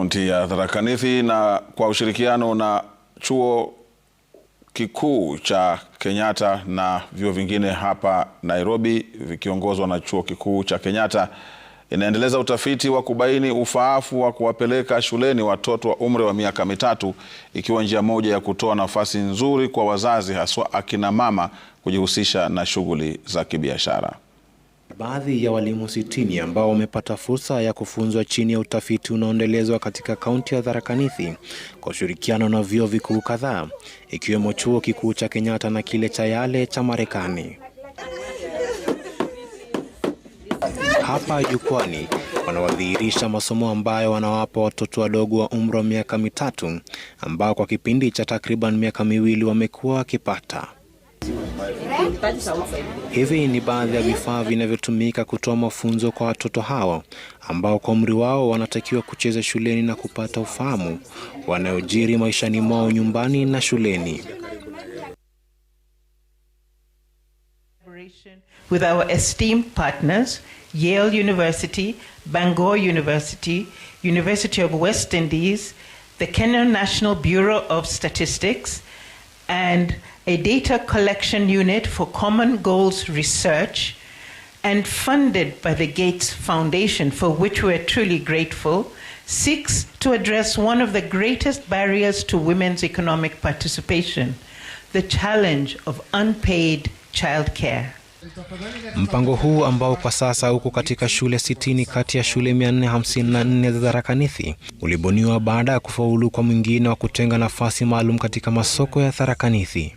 Kaunti ya Tharaka Nithi na kwa ushirikiano na chuo kikuu cha Kenyatta na vyuo vingine hapa Nairobi vikiongozwa na chuo kikuu cha Kenyatta inaendeleza utafiti wa kubaini ufaafu wa kuwapeleka shuleni watoto wa umri wa miaka mitatu, ikiwa njia moja ya kutoa nafasi nzuri kwa wazazi, haswa akina mama, kujihusisha na shughuli za kibiashara. Baadhi ya walimu sitini ambao wamepata fursa ya kufunzwa chini ya utafiti unaoendelezwa katika kaunti ya Tharaka Nithi kwa ushirikiano na vyuo vikuu kadhaa ikiwemo chuo kikuu cha Kenyatta na kile cha Yale cha Marekani. Hapa jukwani wanawadhihirisha masomo ambayo wanawapa watoto wadogo wa umri wa miaka mitatu ambao kwa kipindi cha takriban miaka miwili wamekuwa wakipata. Hivi ni baadhi ya vifaa vinavyotumika kutoa mafunzo kwa watoto hawa ambao kwa umri wao wanatakiwa kucheza shuleni na kupata ufahamu wanayojiri maishani mwao nyumbani na shuleni. With our esteemed partners, Yale University, Bangor University, University of West Indies, the Kenya National Bureau of Statistics and a data collection unit for common goals research, and funded by the Gates Foundation, for which we are truly grateful, seeks to address one of the greatest barriers to women's economic participation the challenge of unpaid childcare. Mpango huu ambao kwa sasa uko katika shule 60 kati ya shule 454 za Tharakanithi ulibuniwa baada ya kufaulu kwa mwingine wa kutenga nafasi maalum katika masoko ya Tharakanithi.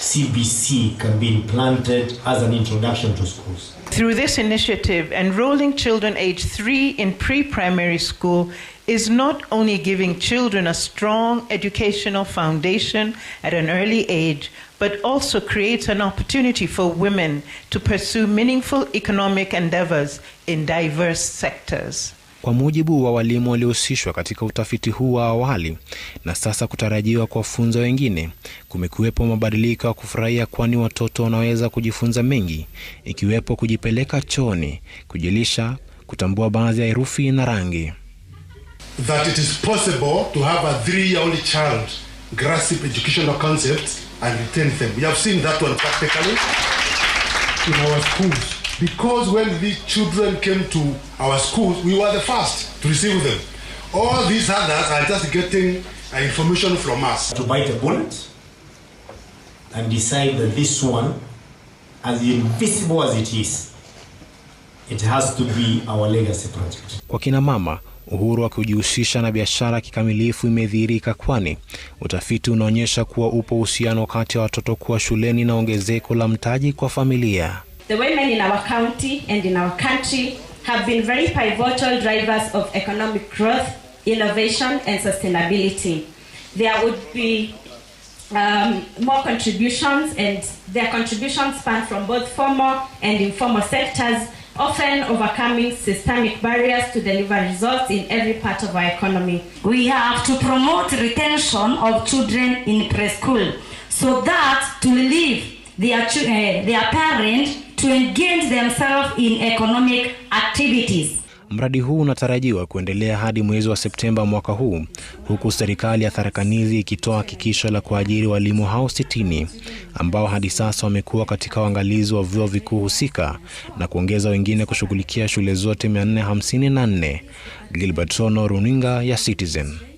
CBC can be implanted as an introduction to schools. Through this initiative, enrolling children aged three in pre primary school is not only giving children a strong educational foundation at an early age, but also creates an opportunity for women to pursue meaningful economic endeavors in diverse sectors. Kwa mujibu wa walimu waliohusishwa katika utafiti huu wa awali na sasa kutarajiwa kuwafunza wengine, kumekuwepo mabadiliko ya kufurahia, kwani watoto wanaweza kujifunza mengi, ikiwepo kujipeleka chooni, kujilisha, kutambua baadhi ya herufi na rangi. That it is possible to have a three-year-old child grasp educational concepts and retain them. We have seen that one practically in our schools because when these children came to our schools, we were the first to receive them. All these others are just getting uh, information from us. To bite a bullet and decide that this one, as invisible as it is, it has to be our legacy project. Kwa kina mama uhuru wa kujihusisha na biashara kikamilifu imedhihirika, kwani utafiti unaonyesha kuwa upo uhusiano kati ya watoto kuwa shuleni na ongezeko la mtaji kwa familia. The women in our county and in our country have been very pivotal drivers of economic growth, innovation, and sustainability. There would be um, more contributions, and their contributions span from both formal and informal sectors, often overcoming systemic barriers to deliver results in every part of our economy. We have to promote retention of children in preschool so that to leave their, uh, their parents. to engage themselves in economic activities. Mradi huu unatarajiwa kuendelea hadi mwezi wa Septemba mwaka huu huku serikali ya Tharakanizi ikitoa hakikisho la kuajiri walimu hao sitini ambao hadi sasa wamekuwa katika uangalizi wa vyuo vikuu husika na kuongeza wengine kushughulikia shule zote 454. Gilbert Sono, Runinga ya Citizen.